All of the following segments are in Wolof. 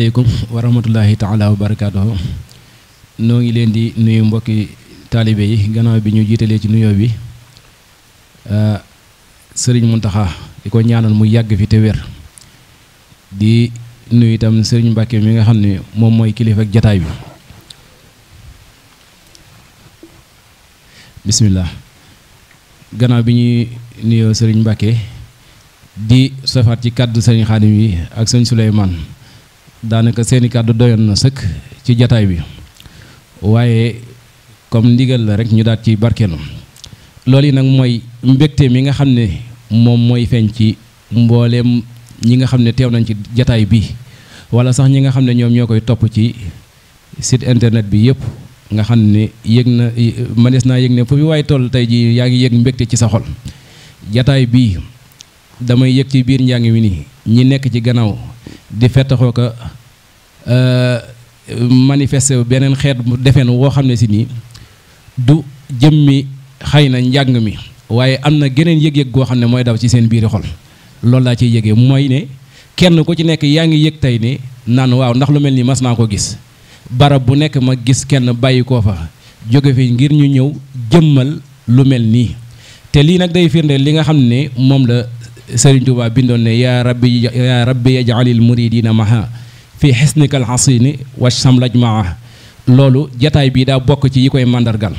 aleykum wa rahmatullahi taala noo ngi leen di nuyu mbokki taalibe yi gannaaw bi ñuy jiitalee ci nuyoo bi euh, sëriñ Muntaxa di ko ñaanal mu yàgg fi te wér di nuyu itam sëriñ Mbàkke mi nga xam ne moom mooy kilifa ak jataay bi bismillah ganaaw bi ñuy nuyoo sëriñ Mbàkke di sofaat ci kàddu sëriñ Xaadim yi ak sëriñ Suleymaan daanaka seeni kàddu doyoon na sëkk ci jataay bi waaye comme ndigal la rek ñu daal ci barkeelu loolu yi nag mooy mbégte mi nga xam ne moom mooy feeñ ci mbooleem ñi nga xam ne teew nañ ci jataay bi wala sax ñi nga xam ne ñoom ñoo koy topp ci site internet bi yëpp nga xam ne yëg na manees naa yëg ne fu fi waaye toll tey ji yaa ngi yëg mbégte ci sa xol jataay bi damay yëg ci biir njàng wi nii ñi nekk ci gannaaw di fettaxoo ko euh, manifester beneen xeet defeen woo xam ne si nii du jëmmi xëy na njàng mi waaye am na geneen yëg-yëg goo xam ne mooy daw ci seen biiri xol loolu laa ciy yëgee mooy ne kenn ku ci nekk yaa ngi yëg tey ne naan waaw ndax lu mel ni mas naa ko gis barab bu nekk ma gis kenn bàyyi koo fa jóge fi ngir ñu ñëw jëmmal lu mel nii te lii nag day firndeel li nga xam ne moom la Sëriñ Tuubaa bindoon ne yaa rabbi yaa rabbi yaj'alil na maha fii xisnika al hasini wa samlaj maa loolu jataay bii daa bokk ci yi koy màndargal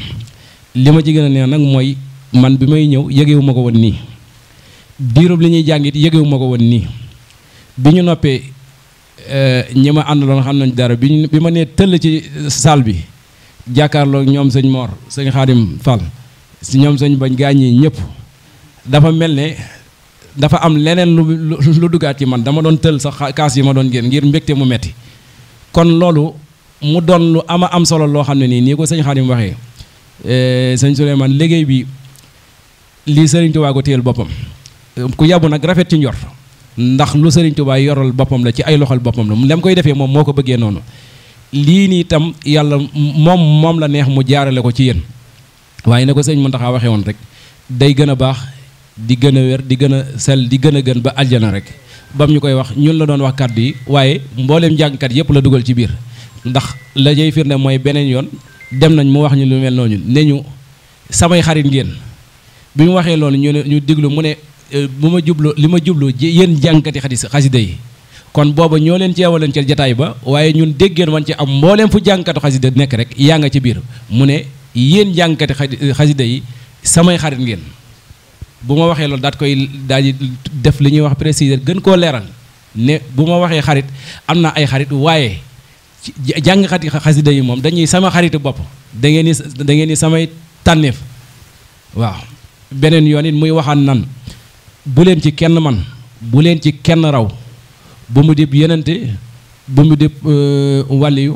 li ma ci neex nag mooy man bi may ñëw yëgewu ko woon nii diirub li ñuy jàngit yëgewu ko woon nii bi ñu noppee eh, ñi ma àndaloon xam nañ dara bi ñu bi ma nee tëll ci saal bi jàkkaarloo ñoom sëñ Mor sëñ Xaadim Fall si ñoom sëñ bañ gaañ yi ñëpp dafa mel ne dafa am leneen lu lu duggaat ci man dama doon tël sa kaas yi ma doon génn ngir mbégte mu metti kon loolu mu doon lu ama am solo loo xam ne nii nii ko sëñ Xaadim waxee eh, sëñ man liggéey bi lii sëriñ Tuubaa ko téyel boppam ku yàbbu nag rafet ci njor ndax lu sëriñ Tuubaa yoral boppam la ci ay loxol boppam la lem koy defee moom moo ko bëggee noonu lii nii tam yàlla moom moom la neex mu jaarale ko ci yéen waaye ne ko sëñ Muntaxa waxe woon rek day gën a di gën a wér di gën a sel di gën a gën ba aljana rek bam ñu koy wax ñun la doon wax kàddu yi waaye mbooleem jàngkat yëpp la dugal ci biir ndax la jay firnde mooy beneen yoon dem nañ mu wax ñu lu mel noonu ne ñu samay xarit ngeen bi ñu waxee loolu ñu ne ñu diglu mu ne euh, bu ma jublu li ma jublu yéen jàngkati xadis xasida yi kon booba ñoo leen ceewaleen ca jataay ba waaye ñun déggeen wan ci am mbooleem fu jàngkatu xasida nekk rek yaa nga ci biir mu ne yéen jàngkati xasida yi samay xarit ngeen bu ma waxee loolu daat koy daal di def li ñuy wax préciser gën koo leeral ne bu ma waxee xarit am na ay xarit waaye jàngkat yi xasida yi moom dañuy sama xaritu bopp da ngeen ni da ngeen ni samay tànneef waaw beneen yoon it muy waxaan nan bu leen ci kenn man bu leen ci kenn raw bu mu dib yenente bu mu dib euh, wàlliyu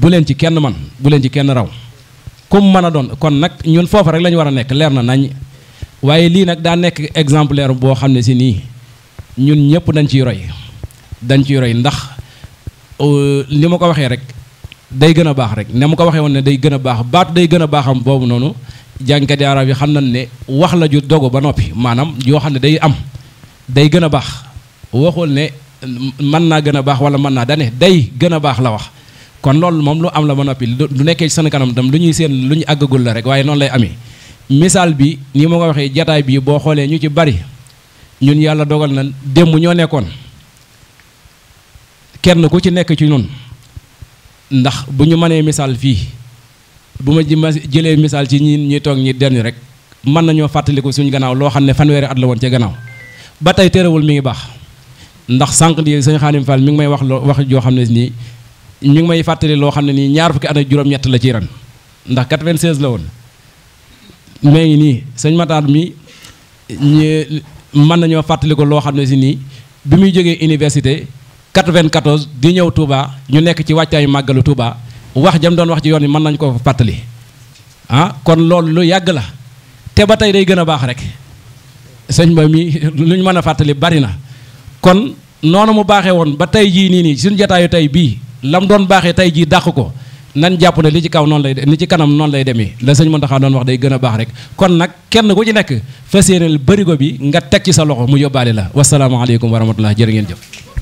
bu leen ci kenn man bu leen ci kenn raw comme mën a doon kon nag ñun foofu rek lañu war a nekk leer na nañ waaye lii nag daa nekk exemplaire boo xam ne si nii ñun ñëpp dañ ciy roy dañ ci roy ndax euh, li ma ko waxee rek day gën a baax rek ne ma ko waxee woon ne day gën a baax baatu day gën a baaxam boobu noonu jànkati arab yi xam nañ ne wax la ju dogo ba noppi maanaam yoo xam ne day am day gën a baax waxul ne mën naa gën a baax wala mën naa dane day gën a baax la wax kon loolu moom lu am la ba noppi lu nekkee seen kanam dam lu ñuy seen lu ñu àggagul la rek waaye noonu lay amee misaal bi nii ma ko waxee jataay bii boo xoolee ñu ci bari ñun yàlla dogal na démb ñoo nekkoon kenn ku ci nekk ci ñun ndax bu ñu mënee misaal fii bu ma ji ma jëlee misaal ci ñi ñu toog ñi denn rek mën nañoo fàttaliku suñu gannaaw loo xam ne fanweeri at la woon ca gannaaw ba tey terewul mi ngi baax ndax sànq di sëñ Xaadim Fall mi ngi may wax loo wax joo xam ne nii mi ngi may fàttali loo xam ne nii ñaar fukki at ak juróom-ñett la ci ren ndax 96 la woon. maa ngi nii sëñ Matar mii ñu mën nañoo fàttali ko loo xam ne si nii bi muy jógee université 94 di ñëw Touba ñu nekk ci wàccaayu màggalu Touba wax jam doon wax ci yoon yi mën nañu ko fàttali ah kon loolu lu yàgg la te ba tey day gën a baax rek sëñ ba mi lu ñu mën a fàttali bari na kon noonu mu baaxee woon ba tey jii nii nii suñu jataayu tey bii lam doon baaxee tey jii dàq ko. nan jàpp ne li ci kaw noonu lay li ci kanam noonu lay demee la sëñ Mountakha doon wax day gën a baax rek kon nag kenn ku ci nekk fas yéeneel barigo bi nga teg ci sa loxo mu yóbbaale la wasalaamaaleykum wa rahmatulah jërë jëf.